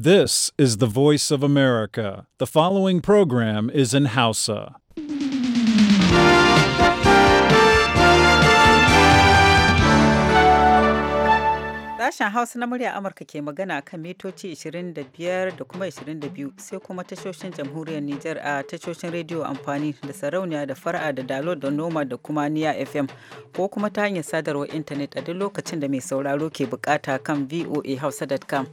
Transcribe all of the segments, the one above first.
This is the voice of America. The following program is in Hausa. Sashen Hausa na murya Amurka ke magana kan mitoci 25 da kuma 22 sai kuma tashoshin jamhuriyar Nijar a tashoshin rediyo amfani da sarauniya da fara da dalo da noma da kuma niya FM ko kuma ta hanyar sadarwar intanet a duk lokacin da mai sauraro ke bukata kan voahausa.com.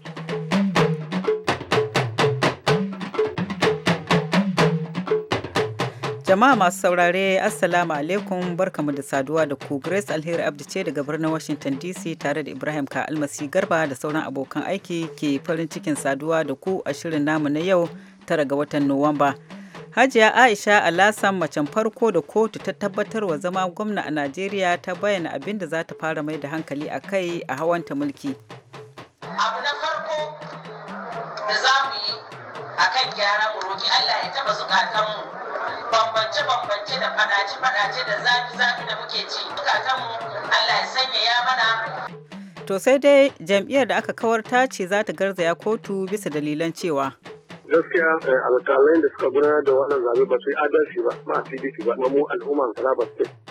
Jama'a masu saurare Assalamu alaikum barkamu da saduwa da ku Grace Alheri Abdi ce daga birnin Washington DC tare da Ibrahim Ka Almasi Garba da sauran abokan aiki ke farin cikin saduwa da ku a shirin namu na yau tara ga watan Nuwamba. Hajiya Aisha Alasan macen farko da kotu ta tabbatar wa zama gwamna a Najeriya ta bayyana abin da za ta fara mai da hankali a kai a hawanta mulki. Abu na farko da za mu yi a kan gyara Allah ya taɓa zukatanmu bambance-bambance da fadace-fadace da zafi-zafi da muke ci mu Allah ya sanya ya mana to sai dai jam'iyyar da aka kawar ta ce za ta garzaya kotu bisa dalilan cewa gaskiya eh, alƙalai da suka gudanar da wannan zabe ba su yi adalci ba ma pdp ba mu al'umman ba state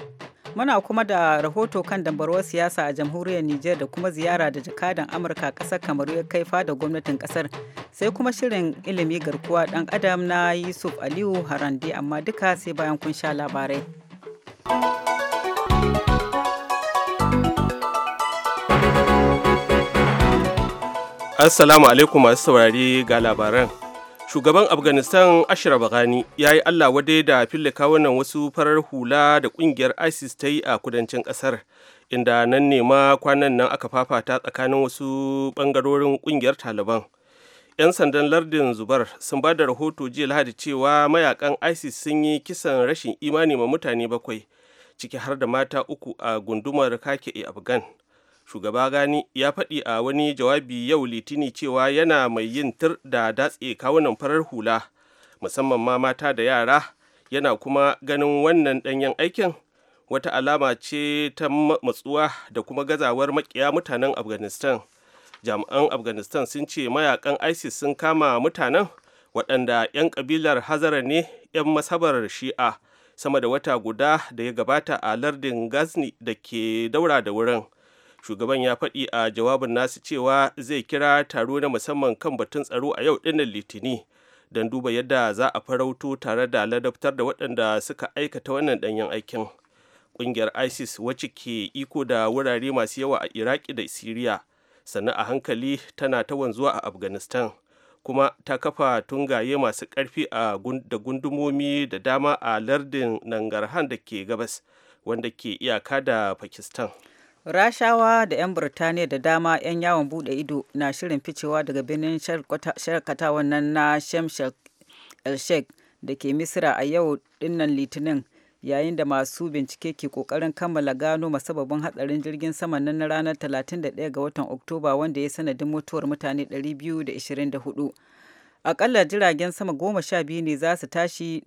Muna kuma da rahoto kan dambarwar siyasa a jamhuriyar Nijar da kuma ziyara da jakadan Amurka kasar kamar ya kai fada gwamnatin kasar. Sai kuma shirin ilimi garkuwa dan adam na Yusuf Aliyu Harande amma duka sai bayan kun sha labarai. Assalamu alaikum masu saurari ga labaran. shugaban afghanistan ashraf ghani ya yi allah wadai da fillika wannan wasu farar hula da kungiyar isis ta yi a kudancin kasar inda nan ne ma kwanan nan aka fafata tsakanin wasu bangarorin kungiyar taliban 'yan sandan lardin zubar sun ba da rahoto jiya lahadi cewa mayakan isis sun yi kisan rashin imani ma mutane bakwai ciki har da mata uku a gundumar kake a afghan shugaba gani ya faɗi a wani jawabi yau litini cewa yana mai yin tir da datse kawunan farar hula musamman ma mata da yara yana kuma ganin wannan ɗanyen aikin wata alama ce ta matsuwa da kuma gazawar makiya mutanen afghanistan jami'an afghanistan sun ce mayakan isis sun kama mutanen waɗanda 'yan ƙabilar hazara ne 'yan masabar shi'a sama da wata guda da ya gabata a lardin gazni da ke daura da wurin shugaban ya faɗi a jawabin nasu cewa zai kira taro na musamman kan batun tsaro a yau ɗinnan litini don duba yadda za a farauto tare da ladabtar da waɗanda suka aikata wannan ɗanyen aikin ƙungiyar isis wacce ke iko da wurare masu yawa a iraki da siriya sannan a hankali tana ta wanzuwa a afghanistan kuma ta kafa tungaye masu ƙarfi da gundumomi da dama a lardin nangarhan da ke gabas wanda ke iyaka da pakistan rashawa da 'yan burtaniya da dama 'yan yawon bude ido na shirin ficewa daga birnin sharkatawan nan na shemshak el sheikh da ke misira a yau dinnan litinin yayin da masu bincike ke kokarin kammala gano masababin hatsarin jirgin sama nan na ranar 31 ga watan oktoba wanda ya sanadin mutuwar mutane 224 akalla jiragen sama goma sha biyu ne za su tashi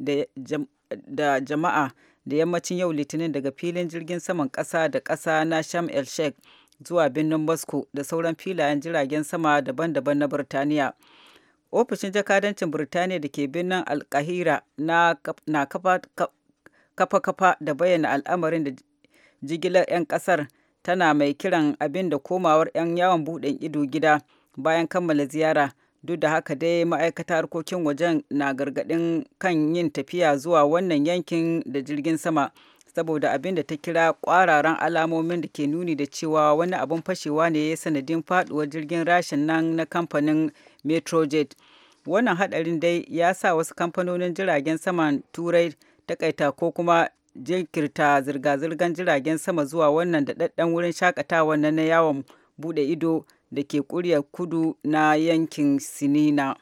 da jama'a da yammacin yau litinin daga filin jirgin saman ƙasa da ƙasa na sham el sheikh zuwa birnin moscow da sauran filayen jiragen sama daban-daban na birtaniya ofishin jakadancin birtaniya da ke birnin alkahira na kafa-kafa da bayyana al'amarin da jigilar 'yan kasar tana mai kiran abin da komawar 'yan yawon buɗe ido gida bayan kammala ziyara duk da haka dai ma'aikata harkokin wajen na gargaɗin kan yin tafiya zuwa wannan yankin da jirgin sama saboda abin da ta kira kwararan alamomin da ke nuni da cewa wani abin fashewa ne ya sanadin faduwar jirgin rashin nan na kamfanin metrojet wannan hadarin dai ya sa wasu kamfanonin jiragen saman turai takaita ko kuma jirkirta zirga-zirgar jiragen sama zuwa wannan da wurin shakatawa na yawon bude ido da ke kuriya kudu na yankin sinina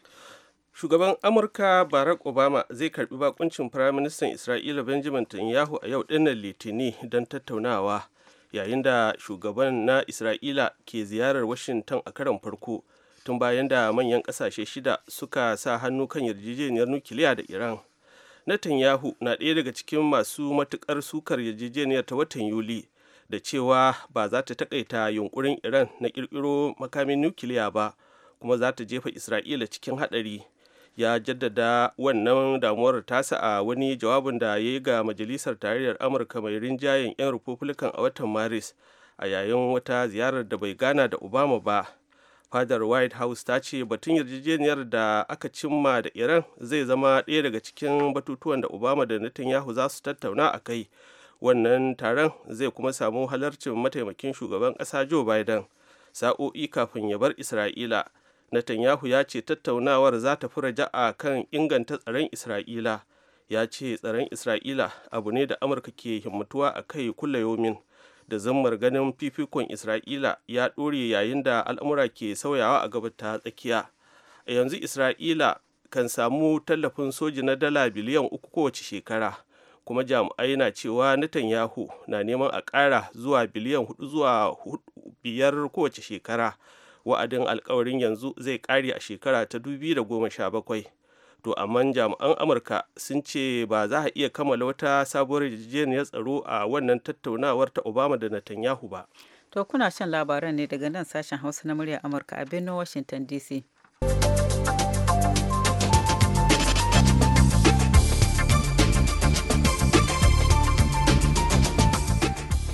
shugaban amurka barack obama zai karbi bakuncin firaministan isra'ila benjamin netanyahu a yau dinnan litini don tattaunawa yayin da shugaban na isra'ila ke ziyarar washington a karon farko tun bayan da manyan kasashe shida suka sa hannu kan yarjejeniyar nukiliya da iran netanyahu na ɗaya daga cikin masu matukar sukar yarjejeniyar ta watan yuli da cewa ba za ta takaita yunkurin iran na kirkiro makamin nukiliya ba kuma za ta jefa isra'ila cikin hadari ya jaddada wannan damuwar tasa a wani jawabin da ya yi ga majalisar tarayyar amurka mai rinjayen 'yan republican a watan maris a yayin wata ziyarar da bai gana da obama ba fadar white house ta ce batun yarjejeniyar da aka cimma da iran zai zama ɗaya daga cikin batutuwan da obama da netanyahu za su tattauna a kai wannan taron zai kuma samu halarcin mataimakin shugaban ƙasa joe biden sa'o'i kafin ya bar isra'ila netanyahu ya ce tattaunawar za ta fi raja'a kan inganta tsaron isra'ila ya ce tsaron isra'ila abu ne da amurka ke himmatuwa a kai kulla yomin da zammar ganin fifikon isra'ila ya ɗore yayin da al'amura ke sauyawa a gaba ta tsakiya a yanzu isra'ila kan samu tallafin soji na dala biliyan uku kowace shekara kuma jami'ai na cewa netanyahu na neman a ƙara zuwa biliyan hudu zuwa biyar kowace shekara wa'adin alkawarin yanzu zai ƙare a shekara ta da goma sha bakwai to amma jami'an amurka sun ce ba za a iya kammala wata sabuwar yarjejeniyar tsaro a wannan tattaunawar ta obama da netanyahu ba to kuna shan labaran ne daga nan sashen hausa na murya amurka a birnin washington dc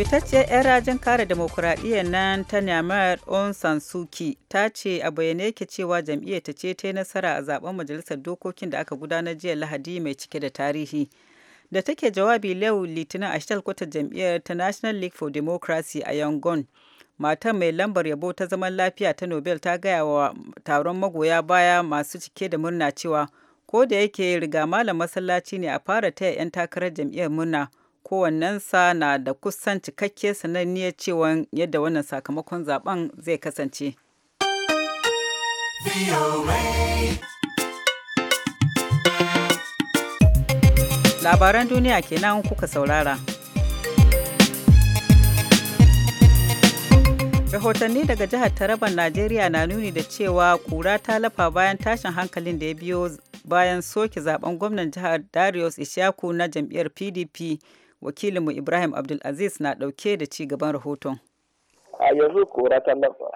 fitacciyar 'yan rajin kare demokuraɗiyya nan ta nyamar on suki ta ce a bayyane yake cewa jam'iyyar ta ce ta yi nasara a zaben majalisar dokokin da aka gudanar jiya lahadi mai cike da tarihi da take jawabi lau litinin a kwatar jam'iyyar ta national league for democracy a yangon matar mai lambar yabo ta zaman lafiya ta nobel ta gaya wa taron magoya baya masu cike da murna cewa ko da yake riga malam masallaci ne a fara taya 'yan takarar jam'iyyar murna kowannensa na da kusan cikakke sananniyar cewa yadda wannan sakamakon zaben zai kasance. Labaran duniya kenan kuka saurara. rahotanni daga jihar taraban najeriya na nuni da cewa kura ta lafa bayan tashin hankalin da ya biyo bayan soke zaben gwamnan jihar darius ishaku na jam'iyyar pdp wakilinmu ibrahim abdulaziz na ɗauke da ci gaban rahoton a yanzu kora ta lafa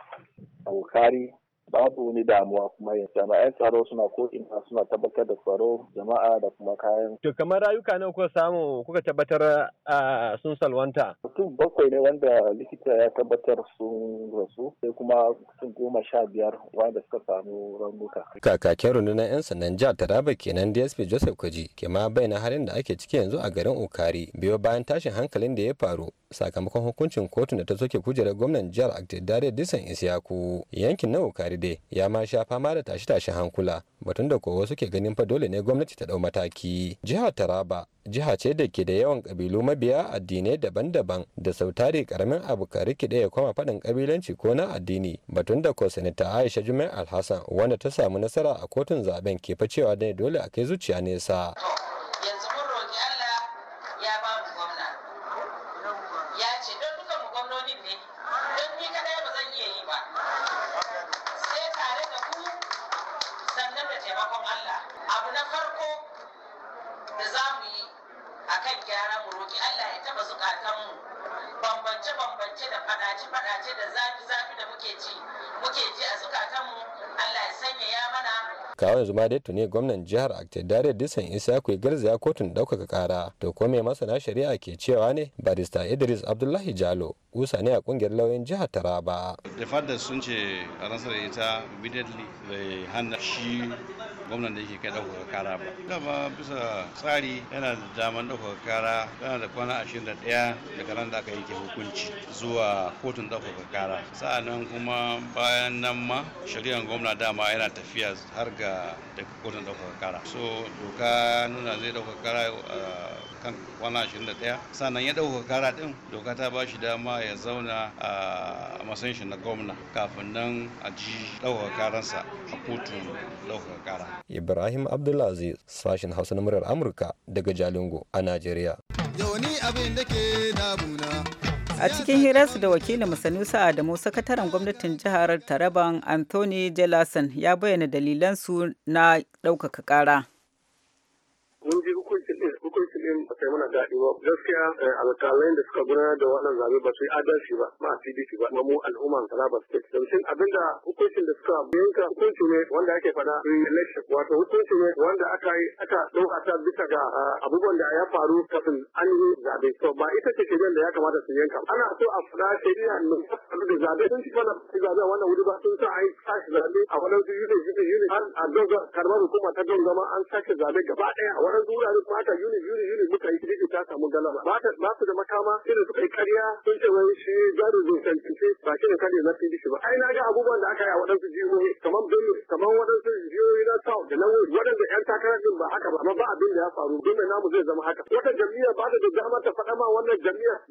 bukari babu wani damuwa kuma yanzu jama'an tsaro suna ko ina suna tabbatar da tsaro jama'a da kuma kayan. To kamar rayuka nawa kuka samu kuka tabbatar a sun salwanta? Mutum bakwai ne wanda likita ya tabbatar sun rasu sai kuma mutum goma sha biyar wanda suka samu raunuka. Kakakin rundunar 'yan sandan jihar Taraba kenan DSP Joseph Kwaji ke ma bayyana halin da ake ciki yanzu a garin Okari biyo bayan tashin hankalin da ya faru sakamakon hukuncin kotun da ta soke kujerar gwamnan jihar Dare Disan Isiyaku yankin na Okari ya ma sha fama da tashe-tashen hankula batun da kowa suke ganin fa dole ne gwamnati ta dau mataki jihar taraba jiha ce da ke da yawan kabilu mabiya addinai daban-daban da sautari karamin abu ka rikide ya kwama faɗin kabilanci ko na addini batun da ko sanata aisha jumai alhassan wanda ta samu nasara a kotun zaben ke fa cewa ne dole a kai zuciya nesa ya ce don duka gwamnonin ne don ni kadai ba zan iya yi ba tare da ku sannan da taimakon Allah abu na farko da za mu yi a kan gyara mu roƙi Allah ya taɓa mu bambance-bambance da faɗace-faɗace da zafi-zafi da muke ji muke ji a mu Allah ya sanya ya mana kawo yanzu ma dai tuni gwamnan jihar aktedare disan isa ya garzaya kotun ɗaukaka kara to ko mai masana shari'a ke cewa ne barista idris abdullahi jalo kusa ne a kungiyar lauyan jihar taraba da fadar sun ce a ita immediately they hand shi gwamnan da yake kai ɗaukaka kara ba dama bisa tsari yana da daman ɗaukaka kara yana da kwana ashirin da ɗaya daga nan da aka yanke hukunci zuwa kotun ɗaukaka kara nan kuma bayan nan ma shari'ar gwamna dama yana tafiya har ga daga kotun ɗaukaka kara so doka nuna zai ɗaukaka kara ah, kan kwana 21 sannan ya dauka kara ɗin doka ta ba shi dama ya zauna a matsayin shi na gwamna kafin nan a ji dauka karansa a kotun dauka kara. Ibrahim Abdulaziz sashen Hausa na murar Amurka daga Jalingo a Najeriya. a cikin hirarsu da wakilin masanusa adamu sakataren gwamnatin jihar taraban anthony jelason ya bayyana dalilansu na ɗaukaka ƙara mun ji sai mana daɗi ba gaskiya eh, alƙalai da suka gudanar da wannan zaɓe ba su yi adalci ba ma a pdp ba ma mu al'umman taraba state domin abinda hukuncin da suka yanka hukunci ne wanda ake fada eh, election wato hukunci ne wanda aka yi aka ɗauka ta bisa ga eh, abubuwan da ya faru kafin an yi zaɓe to ba ita ce shirya da ya kamata su yanka ana so a fada shari'a ne da zaɓe sun ci fana zaɓe a wannan wuri ba sun sa a yi sashi zaɓe a wannan yuni yuni yuni an a don karɓar hukuma ta don an sashi zaɓe gaba ɗaya a wannan wuraren mata yuni yuni yuni muka APC ta samu galaba ba su da makama sai da suka karya sun ce wai shi gado zai tantance ba shi ne kare ba ai na ga abubuwan da aka yi a waɗansu jihohi kamar Bello kamar waɗansu jihohi na South da waɗanda 'yan takarar din ba haka ba amma ba abin da ya faru dole namu zai zama haka wata jam'iyya ba da dama ta faɗa ma wannan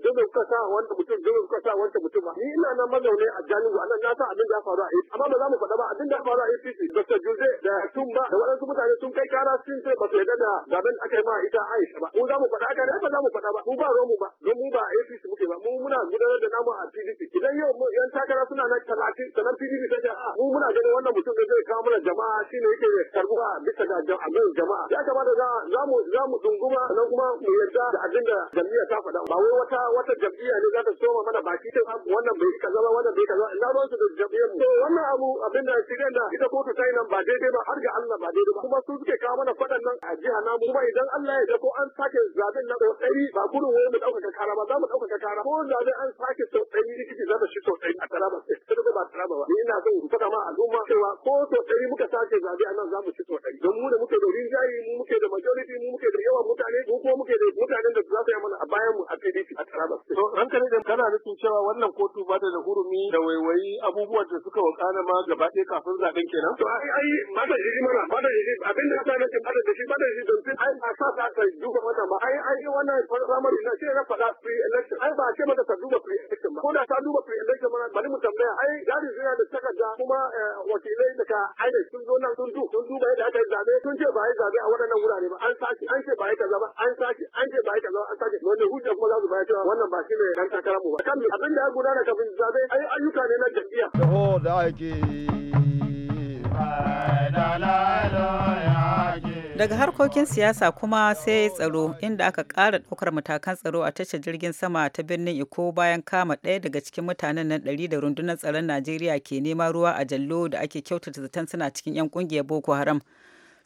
dole kuka sa wanda mutum dole kuka sa wanda mutum ba ni ina nan mazaune a Jalingo anan na sa abin da ya faru a APC amma ba za mu faɗa ba abin da ya faru a APC Dr. da Tumba da waɗansu mutane sun kai kara sun ce ba su yarda da zaben aka yi ma ita Aisha ba za mu faɗa haka ne ba za mu faɗa ba mu ba romu ba don mu ba a APC muke ba mu muna gudanar da namu a PDP idan yau yan takara suna na talatin sanar PDP ta ce a ah, mu muna ganin wannan mutum da zai kawo mana jama'a shi ne yake karbuwa bisa ga abin jama'a ya kamata za mu za mu dunguma sannan kuma mu yarda da abin da jam'iyya ta faɗa ba wai wata wata jam'iyya ne za ta soma mana baki ta wannan bai kaza ba wannan bai kaza Na ruwan su da jam'iyyar mu wannan abu abin da shirya da ita kotu ta yi nan ba daidai ba har ga Allah ba daidai ba kuma su suke kawo mana faɗan nan a jiha namu kuma idan Allah ya ko an sake zaben na ɗari ba gudun wani mu ɗaukaka kara ba za mu ɗaukaka kara ko zabe an sake sau likiti za zama shi so ɗari a taraba eh, sai ta ba taraba ba ni ina son in faɗa ma al'umma cewa ko sau ɗari muka sake zabe a nan za mu ci so ɗari don mu da muke da rinjaye mu muke da majority mu muke da yawa mutane mu kuma muke da mutanen da za su yi mana a bayan mu a PDP a taraba. to ranka ne kana nufin cewa wannan kotu ba ta da hurumi da waiwayi abubuwan da suka wakana ma gaba ɗaya kafin zaben kenan. to ai ai ba da mana ba da abin da ta nace ba da shi ba da shi don ai ba sa ta duka mata ba ai ai wannan primary na shi na faɗa pre-election ai ba ce mata ta duba pre-election ba ko da ta duba pre-election ba bari mu tambaya ai gari zina da takarda kuma eh, wakilai daga aina sun zo nan sun du sun duba yadda aka yi zabe sun ce ba yi zabe a waɗannan wurare ba an sace an ce ba yi kaza ba an sace an ce ba yi kaza ba an sace wannan hujja kuma za su bayar cewa wannan ba shi ne dan takara mu ba kan abin da ya gudana kafin zabe ai ayyuka ne na jam'iyya. da ake. Dalalo ya daga harkokin siyasa kuma sai tsaro inda aka ƙara ɗaukar matakan tsaro a tashar jirgin sama ta birnin iko bayan kama ɗaya daga cikin mutanen nan ɗari da rundunar tsaron najeriya ke neman ruwa a jallo da ake kyautata zaton suna cikin 'yan ƙungiyar boko haram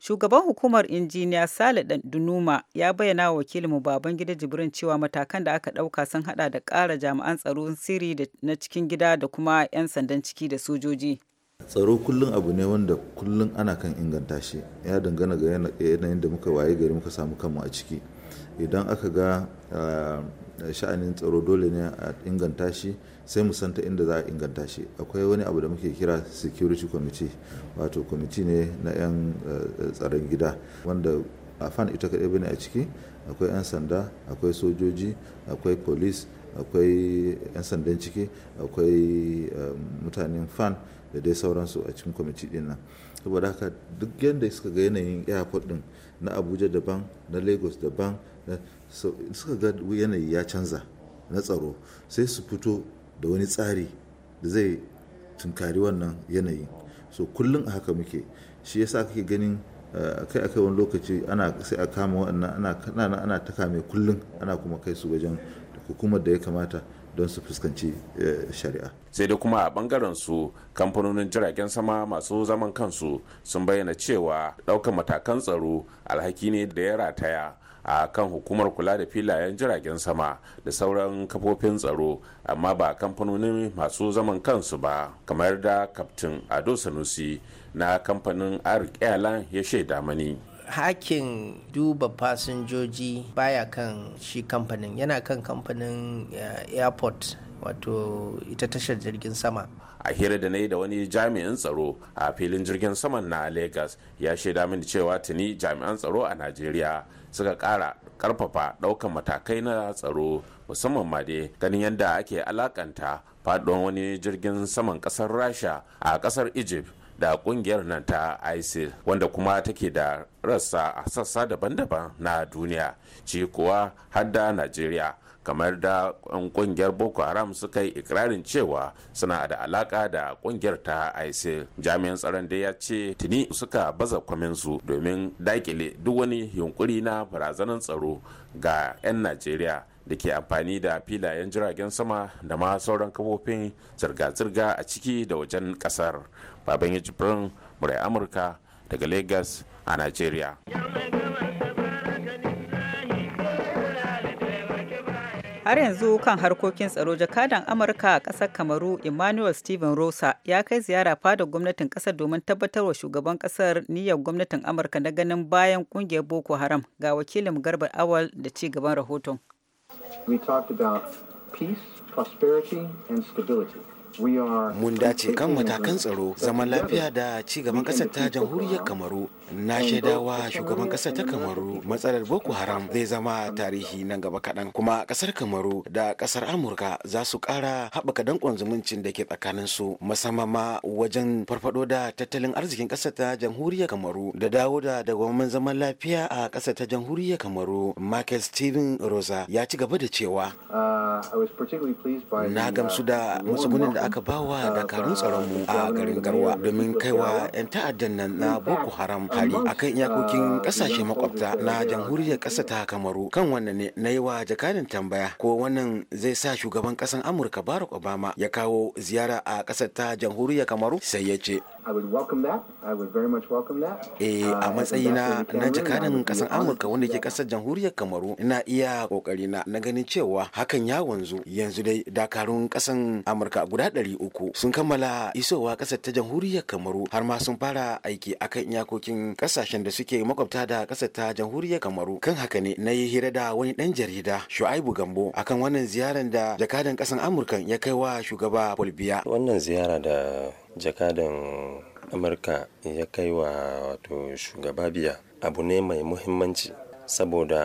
shugaban hukumar injiniya sale dunuma ya bayyana wa wakilin mu baban gida jibrin cewa matakan da aka ɗauka sun hada da ƙara jami'an tsaron sirri na cikin gida da kuma 'yan sandan ciki da sojoji Tsaro kullum abu ne wanda kullum ana kan inganta shi, ya dangana ga yanayin da muka waye gari muka samu kanmu a ciki. Idan aka ga ah, sha'anin tsaro dole ne a inganta shi sai mu san ta inda za a inganta shi. Akwai wani abu da muke kira Security Committee wato committee ne na 'yan eh, tsaron gida wanda a fan ita kaɗai bane a ciki. Akwai 'yan sanda, akwai sojoji, akwai police. akwai 'yan sandan ciki akwai eh, mutanen fan da dai sauransu a cikin kwamiti din nan saboda haka duk yadda suka ga yanayin airport din na abuja daban na lagos daban suka ga yanayi ya canza na tsaro sai su fito da wani tsari da zai tunkari wannan yanayi so kullum a haka muke shi yasa kake ganin eh, kai akai wani lokaci ana sai a kama wannan ana ana ta kame kullum ana kuma kai su wajen hukumar da ya kamata don su fuskanci eh, shari'a sai da kuma a bangaren su kamfanonin jiragen sama masu zaman kansu sun bayyana cewa ɗaukar matakan tsaro alhaki ne da ya rataya a kan hukumar kula da filayen jiragen sama da sauran kafofin tsaro amma ba kamfanonin masu zaman kansu ba kamar da kaftin ado sanusi na kamfanin arik airline ya shaida mani hakin duba fasinjoji baya kan shi kamfanin yana kan kamfanin eh, airport wato ita tashar jirgin sama a hira da na yi da wani jami'in tsaro a filin jirgin saman na lagos ya shaida mini cewa tuni jami'an tsaro a najeriya suka kara karfafa daukan matakai na tsaro musamman ma dai ganin yadda ake alakanta faɗuwan wani jirgin saman ƙasar rasha a ƙasar egypt da kungiyar nan ta isil wanda kuma take da rassa a sassa daban-daban na duniya ci kuwa har da najeriya kamar da kungiyar boko haram suka yi ikirarin cewa suna da alaka da kungiyar ta isil jami'an tsaron da ya ce tuni suka baza kwaminsu domin dakile duk wani yunkuri na barazanar tsaro ga 'yan najeriya da ke amfani da filayen jiragen sama da ma sauran kafofin zirga-zirga a ciki da wajen kasar baban ya jibrin murai amurka daga lagos a nigeria har yanzu kan harkokin tsaro jakadan amurka a kasar kamaru emmanuel steven rosa ya kai ziyara fada gwamnatin kasar domin tabbatarwa shugaban kasar niyyar gwamnatin amurka na ganin bayan ƙungiyar boko haram ga wakilin garba awal da ci gaban rahoton we talked about peace, prosperity, and stability. mun dace kan matakan tsaro zaman lafiya da ci gaban ƙasar ta jamhuriyar kamaru na shaidawa shugaban ƙasar ta kamaru matsalar boko haram zai zama tarihi nan gaba kaɗan kuma ƙasar kamaru da ƙasar amurka za su ƙara haɓaka danƙon zumuncin da ke tsakanin su musamman ma wajen farfaɗo da tattalin arzikin ƙasar ta jamhuriyar kamaru da dawo da dagwamin zaman lafiya a ƙasar ta jamhuriyar kamaru michael steven rosa ya ci gaba da cewa uh, na gamsu uh, da matsugunin da aka bawa dakarun tsaronmu a garin garwa domin kaiwa 'yan ta'addan nan na boko haram hari akan iyakokin kasashe makwabta na jamhuriyar ƙasa ta kamaru kan wannan ne na yi wa jakadin tambaya ko wannan zai sa shugaban ƙasan amurka barack obama ya kawo ziyara a ƙasar ta jamhuriyar kamaru sai ya ce Eh uh, a matsayina na jakadan kasar Amurka wanda ke kasar jamhuriyar Kamaru ina iya kokari na na ganin cewa hakan ya wanzu yanzu dai dakarun kasan Amurka guda ɗari uku sun kammala isowa kasar ta jamhuriyar Kamaru har ma sun fara aiki akan iyakokin kasashen da suke makwabta da kasar ta jamhuriyar Kamaru kan haka ne na yi hira da wani ɗan jarida Shu'aibu Gambo akan wannan ziyarar da jakadan kasan Amurka ya kai wa shugaba Paul Wannan ziyara da jakadan amurka ya kai wa wato shugaba biya abu ne mai muhimmanci saboda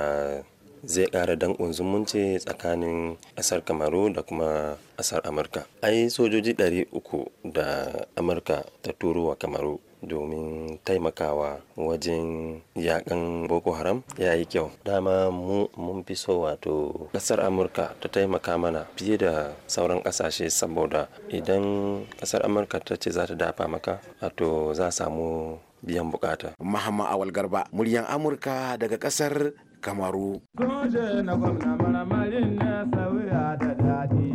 zai ƙara danƙon zumunci tsakanin asar kamaru da kuma asar amurka ai sojoji 300 da amurka ta turo wa kamaru domin taimakawa wajen yakan boko haram ya yi kyau dama mun fi so wato kasar amurka ta taimaka mana fiye da sauran kasashe saboda idan kasar amurka ta ce za ta dafa maka wato za samu biyan bukata mahamma awal garba muryan amurka daga kasar kamaru na na sauya da daɗi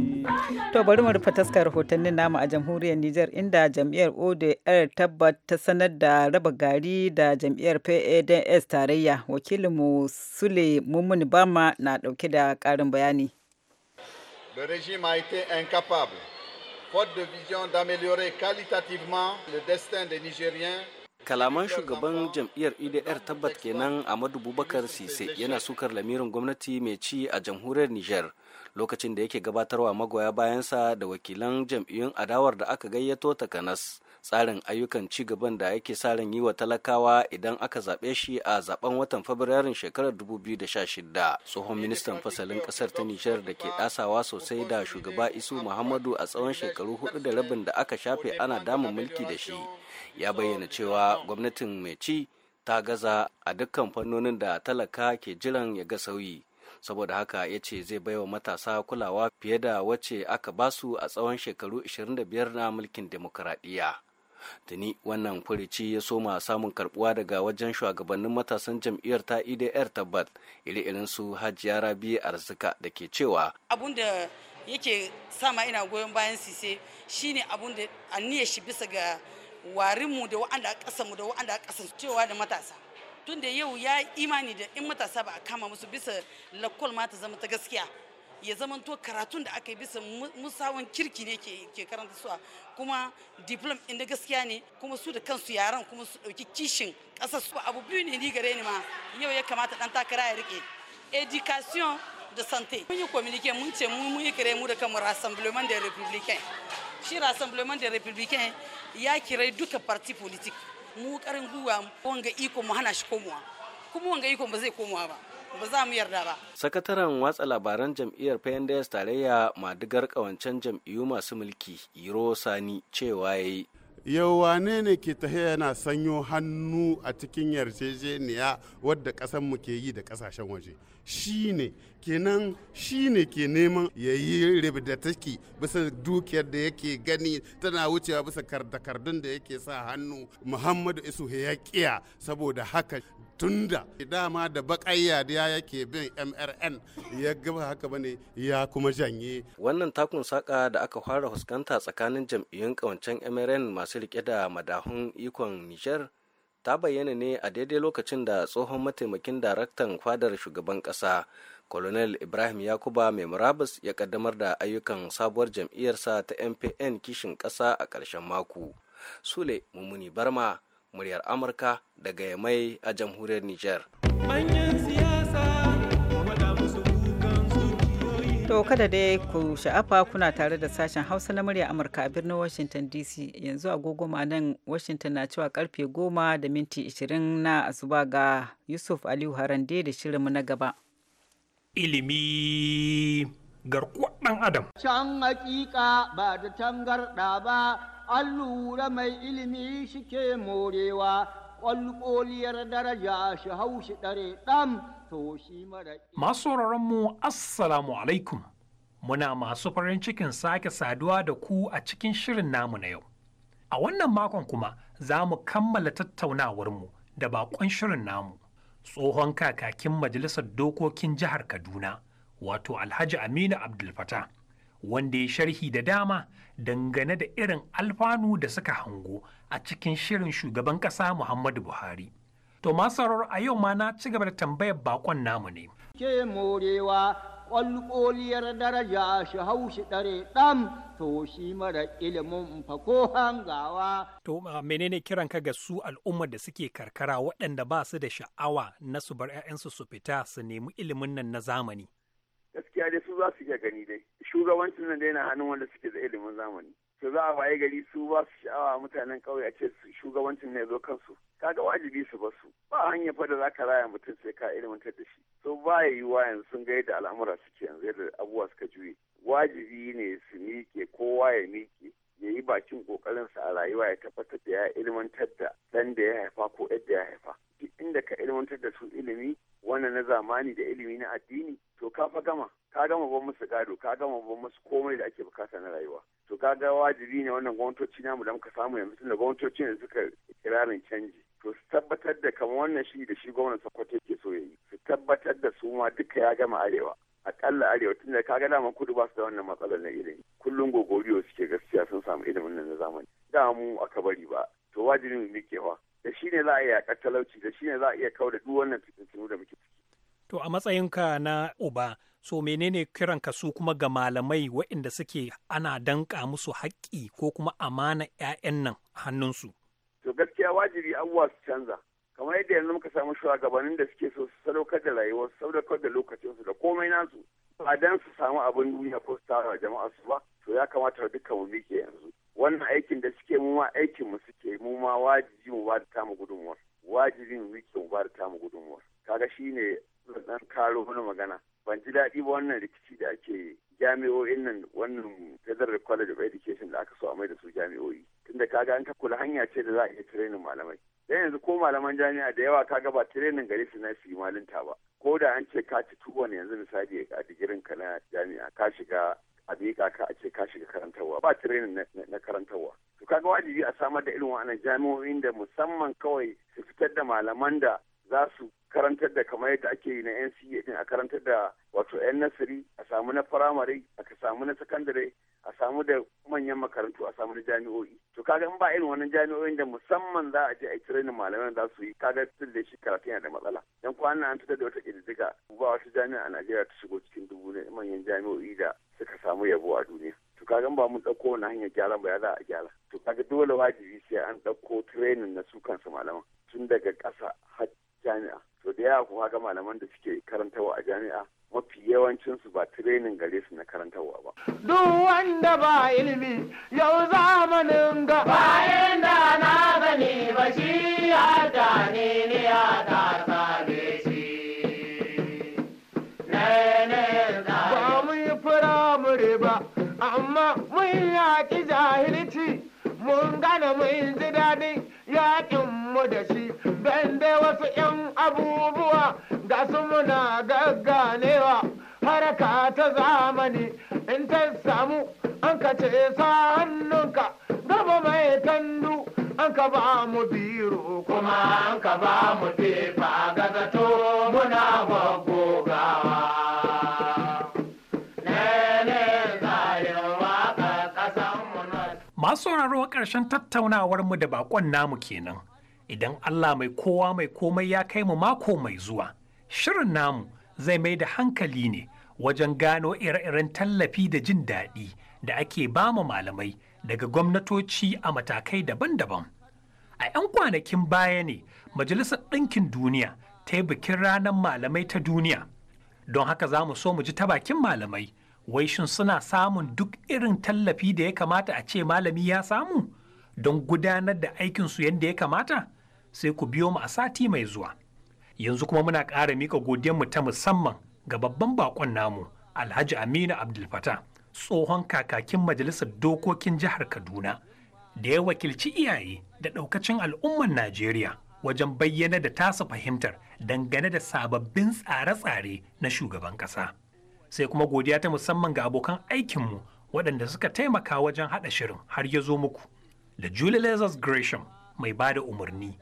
To bari mu rufe taskar rahotannin namu a jamhuriyar Nijar inda jam'iyyar ODR tabbat ta sanar da raba gari da jam'iyyar PADS tarayya. Wakilinmu Sule Mummuni Bama na dauke da karin bayani. Le régime a été incapable, faute de vision d'améliorer qualitativement le destin des Nigériens kalaman shugaban jam'iyyar idr e tabbat kenan amadu bubakar sise yana sukar lamirin gwamnati mai ci a jamhuriyar niger lokacin da yake gabatarwa magoya bayansa da wakilan jam'iyyun adawar da aka gayyato takanas tsarin ayyukan ci gaban da yake sa ran yi wa talakawa idan aka zaɓe shi a zaben watan fabrairun shekarar 2016 tsohon ministan fasalin ƙasar ta nijar da ke ɗasawa sosai da shugaba isu muhammadu a tsawon shekaru hudu da rabin da aka shafe ana damun mulki da shi ya bayyana cewa gwamnatin mai ci ta gaza a dukkan fannonin da talaka ke jiran ya ga sauyi saboda haka ya ce zai baiwa matasa kulawa fiye da wacce aka basu a tsawon shekaru 25 na mulkin demokuraɗiyya. tuni wannan furici ya soma samun karbuwa daga wajen shugabannin matasan jam'iyyar ta idr e tabbat irin su hajiya rabi arzika da ke cewa abun da yake sama ina goyon bayan sise shine abun da aniyar shi bisa ga warinmu da wa'anda a mu da wa'anda a cewa da matasa tun yau ya imani da in matasa ba a kama musu bisa lakkol ma ta zama ta gaskiya ya zamanto karatun da aka yi bisa musawan kirki ne ke karanta suwa kuma diplom inda gaskiya ne kuma su da kansu yaran kuma su dauki kishin kasar su abu biyu ne ni gare ni ma yau ya kamata dan takara ya rike education da santé mun yi communique mun ce mun yi kare mu da kanmu rassemblement des républicains shi rassemblement des républicains ya kira duka parti politique mu karin guwa wanga iko mu hana shi komowa kuma wanga iko ba zai komowa ba ba za mu yarda ba. Sakataren watsa labaran jam'iyyar PNDS tarayya madigar kawancen jam'iyyu masu mulki Iro Sani cewa ya yi. Yau wane ne ke ta yana sanyo hannu a cikin yarjejeniya wadda ƙasar mu ke yi da kasashen waje. Shi ne kenan shi ne ke neman ya yi da take bisa dukiyar da yake gani tana wucewa bisa takardun da yake sa hannu muhammadu isu ya kiya saboda haka tunda dama da bakayya da yake bin mrn ya gaba haka bane ya kuma janye wannan takun saka da aka fara fuskanta tsakanin jam'iyyun kawancen mrn masu rike da madahun ikon niger ta bayyana ne a daidai lokacin da tsohon mataimakin daraktan fadar shugaban kasa colonel ibrahim yakuba mai murabus ya kaddamar da ayyukan sabuwar jam'iyyarsa ta mpn kishin kasa a ƙarshen mako sule mummuni barma muryar amurka daga yamai a jamhuriyar niger to kada dai ku sha'afa kuna tare da sashen hausa na murya amurka a birnin washington dc yanzu agogo nan washington na cewa karfe goma da minti 20 na asuba ga yusuf aliyu harande da shirin na gaba ilimi garkuwar dan adam can hakika ba da tangarda ba an lura mai ilimi shi ke morewa ƙwalƙoliyar daraja shi haushi shi ɗare ɗan, to shi mara masu mu assalamu alaikum muna masu farin cikin sake saduwa da ku a cikin shirin namu na yau a wannan makon kuma za mu kammala tattaunawar mu da baƙon shirin namu tsohon kakakin majalisar dokokin jihar kaduna wato alhaji aminu Abdulfata. wanda ya sharhi da dama dangane da irin alfanu da suka hango a cikin shirin shugaban ƙasa Muhammadu Buhari. To masarar a yau ma na ci gaba da tambayar bakon namu ne. Ke morewa kwalkoliyar daraja shi haushi ɗare ɗam to shi mara ilimin fako hangawa. To menene kiran ka ga su al'ummar da suke karkara waɗanda ba su da sha'awa na su bar 'ya'yansu su fita su nemi ilimin nan na zamani? gaskiya dai su za su iya gani dai shugabancin nan dai na hannun wanda suke da ilimin zamani su za a waye gari su ba su sha'awa mutanen ƙauye a ce shugabancin ne zo kansu kaga wajibi su ba su ba hanyar fa da za ka raya mutum sai ka ilimantar da shi so ba ya yiwuwa yanzu sun ga yadda al'amura suke yanzu yadda abubuwa suka juye wajibi ne su miƙe kowa ya miƙe ya yi bakin kokarinsa a rayuwa ya tabbatar da ya ilmantar da ɗan da ya haifa ko yadda ya haifa duk inda ka ilmantar da su ilimi wannan na zamani da ilimi na addini to ka fa gama ka gama ban musu gado ka gama ban musu komai da ake bukata na rayuwa to ka ga wajibi ne wannan gwamnatoci namu da muka samu yanzu tunda gwamnatoci ne suka kirarin canji to su tabbatar da kamar wannan shi da shi gwamnan sokoto ke so yayi su tabbatar da su ma duka ya gama arewa akalla arewa tun da kaga daman kudu ba su da wannan matsalar na ilimi kullum gogoriyo suke gaskiya sun samu ilimin nan na zamani da mu aka bari ba to wajibin mu wa? da shi ne za a iya talauci da shi ne za a iya kau da duk wannan fitintunu da muke ciki. To a matsayinka na uba so menene kiran ka su kuma ga malamai waɗanda suke ana danka musu haƙƙi ko kuma amana 'ya'yan nan a hannunsu. To gaskiya wajibi abubuwa su canza kamar yadda yanzu muka samu shugabannin da suke so su sadaukar da rayuwar sadaukar da lokacinsu da komai nasu ba dan su samu abin duniya ko su tara jama'a su ba to ya kamata duka mu mike yanzu wannan aikin da suke mu ma aikin mu suke mu ma wajibi mu ba tamu gudunmuwar wajibi mu bi mu ba tamu gudunmuwar kaga shine zan karo mana magana ban ji daɗi ba wannan rikici da ake jami'o'in nan wannan federal college of education da aka so a mai da su jami'o'i tunda kaga an ka kula hanya ce da za a iya training malamai dan yanzu ko malaman jami'a da yawa kaga ba tirenin gari su na su ba ko da an ce ka ci tuwon yanzu misali a digirin ka na jami'a ka shiga a miƙa ka a ce ka shiga karantarwa ba tirenin na karantarwa to kaga wajibi a samar da irin wa'annan jami'o'in da musamman kawai su fitar da malaman da za su karantar da kamar yadda ake yi na NCA din a karantar da wato 'yan nasiri a samu na firamare a samu na sakandare a samu da manyan makarantu a samu da jami'o'i to kaga in ba irin wannan jami'o'in da musamman za a je a yi training malaman za su yi kaga tun da shi karatu yana da matsala dan kwana an fitar da wata kididdiga ba wata jami'a a Najeriya ta shigo cikin dubu ne manyan jami'o'i da suka samu yabo a duniya to kaga ba mun ɗauko wani hanyar gyaran ba ya za a gyara to kaga dole wajibi sai an ɗauko training na su kansu malaman tun daga ƙasa har jami'a to da yawa kuma kaga malaman da suke karantawa a jami'a mafi yawancinsu ba tirenin gare su na karantarwa ba. Duk wanda ba ilimi yau zamanin ga bayan da na gani ba shi ya gane ne ya ta same shi. Ba mu yi firamare ba, amma mun yaƙi jahilci mun gana mun ji daɗi. mu da shi ban wasu 'yan abubuwa ga su muna gagganewa haraka ta zamani in ta samu an ka ce sa hannunka gaba mai tandu an ka ba mu biro kuma an ka ba mu tefa gazato muna gwaggogawa Masu sauraro ƙarshen mu da bakon namu kenan. Idan Allah mai kowa mai komai ya kai mu mako mai zuwa, shirin namu zai mai da hankali ne wajen gano ire-iren tallafi da jin daɗi da ake bama malamai daga gwamnatoci a matakai daban-daban. A 'yan kwanakin baya ne Majalisar Ɗinkin Duniya ta yi bikin ranar malamai ta duniya. Don haka za mu so mu ji ta bakin malamai wai shin suna samun duk irin tallafi da ya kamata a ce malami ya samu don gudanar da aikinsu yadda ya kamata sai ku biyo mu a sati mai zuwa yanzu kuma muna ƙara mika mu ta musamman ga babban bakon namu alhaji aminu abdulfata tsohon kakakin majalisar dokokin jihar kaduna da ya wakilci iyaye da ɗaukacin al'umman najeriya wajen bayyana da tasa fahimtar dangane da sababbin tsare-tsare na shugaban ƙasa. sai kuma godiya ta musamman ga abokan aikinmu waɗanda suka taimaka wajen haɗa shirin har ya zo muku da Julie Lazarus Gresham mai ba da umarni.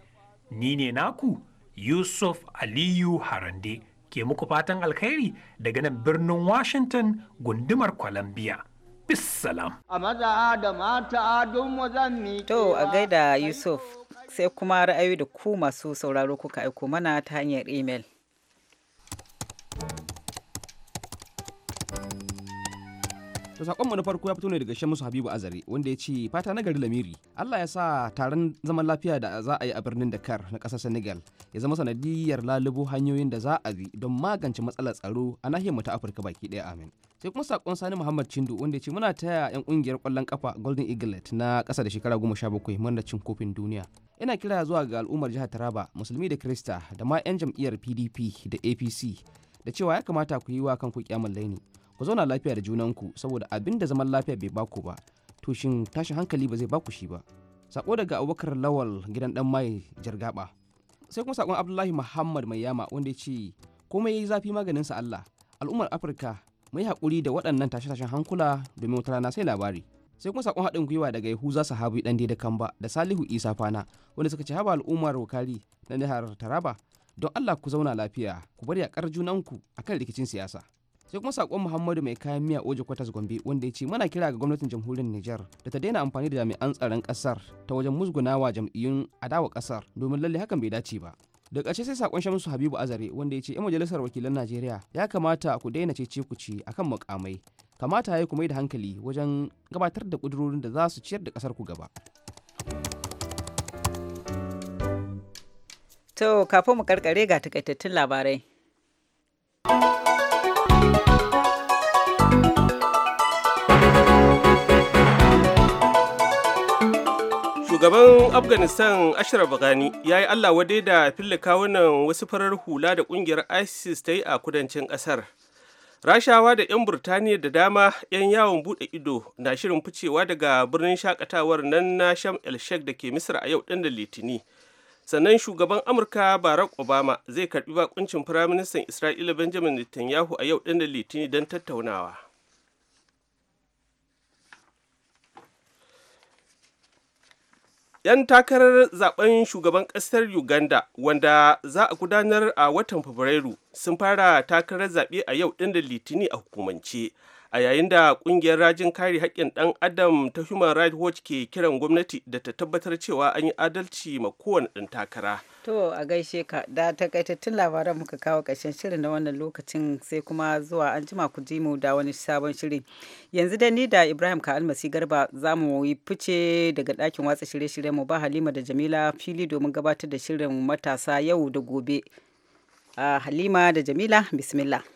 Ni ne naku Yusuf Aliyu Harande ke muku fatan alkhairi daga nan birnin Washington gundumar Columbia. Bissalam. A maza da mata don To a gaida Yusuf sai kuma ra'ayi da ku masu sauraro kuka aiko mana ta hanyar email To sakonmu na farko ya fito ne daga Shamsu Habibu Azare wanda ya ce fata na gari Lamiri. Allah ya sa taron zaman lafiya da za a yi a birnin Dakar na ƙasar Senegal ya zama sanadiyar lalubo hanyoyin da za a bi don magance matsalar tsaro a nahiyar mu ta Afirka baki ɗaya amin. Sai kuma sakon Sani Muhammad Chindu wanda ya ce muna taya 'yan kungiyar ƙwallon kafa Golden Eaglet na kasa da shekara goma sha bakwai murnar cin kofin duniya. Ina kira zuwa ga al'ummar jihar Taraba, Musulmi da Krista da ma 'yan jam'iyyar PDP da APC da cewa ya kamata ku yi wa kanku kyamun laini. ku zauna lafiya da junanku saboda abin da zaman lafiya bai baku ba to shin tashin hankali ba zai baku shi ba sako daga abubakar lawal gidan dan mai jargaba sai kuma sakon abdullahi muhammad mai yama wanda ya ce komai ya yi zafi maganin sa allah al'ummar afirka mai haƙuri da waɗannan tashe-tashen hankula domin wata rana sai labari sai kuma sakon haɗin gwiwa daga yahuza sahabi dan da kamba da salihu isa fana wanda suka ce haba al'ummar wakari na jihar taraba don allah ku zauna lafiya ku bari a ƙar junanku akan rikicin siyasa sai kuma sakon muhammadu mai kayan miya oji kwatas gombe wanda ya ce muna kira ga gwamnatin jamhuriyar nijar da ta daina amfani da jami'an tsaron kasar ta wajen musgunawa jam'iyyun adawa kasar domin lalle hakan bai dace ba da ƙarshe sai sakon shamsu habibu azare wanda ya ce 'yan majalisar wakilan najeriya ya kamata ku daina cece ku ce akan mukamai kamata ya kuma da hankali wajen gabatar da ƙudurorin da za su ciyar da kasar ku gaba to kafin mu karkare ga takaitattun labarai shugaban afghanistan ashraf ghani ya yi allah wadai da fili kawunan wasu farar hula da kungiyar isis ta yi a kudancin kasar rashawa da 'yan burtaniya da dama 'yan yawon bude ido na shirin ficewa daga birnin shakatawar nan na sham el sheikh da ke misra a yau ɗan da litini sannan shugaban amurka barack obama zai karbi bakuncin firaministan isra'ila benjamin netanyahu a yau ɗan da litini don tattaunawa 'yan takarar zaben shugaban ƙasar uganda wanda za a gudanar a watan fabrairu sun fara takarar zaɓe a yau ɗin da litini a hukumance a yayin da kungiyar rajin kare haƙƙin ɗan adam ta human rights watch ke kiran gwamnati da ta tabbatar cewa an yi adalci ma kowane ɗan takara to a gaishe ka da takaitattun labaran muka kawo ƙarshen shirin na wannan lokacin sai kuma zuwa an jima ku ji mu da wani sabon shirin yanzu da ni da ibrahim ka almasi garba za mu yi fice daga ɗakin watsa shirye-shiryen mu ba halima da jamila fili domin gabatar da shirin matasa yau da gobe ah, halima da jamila bismillah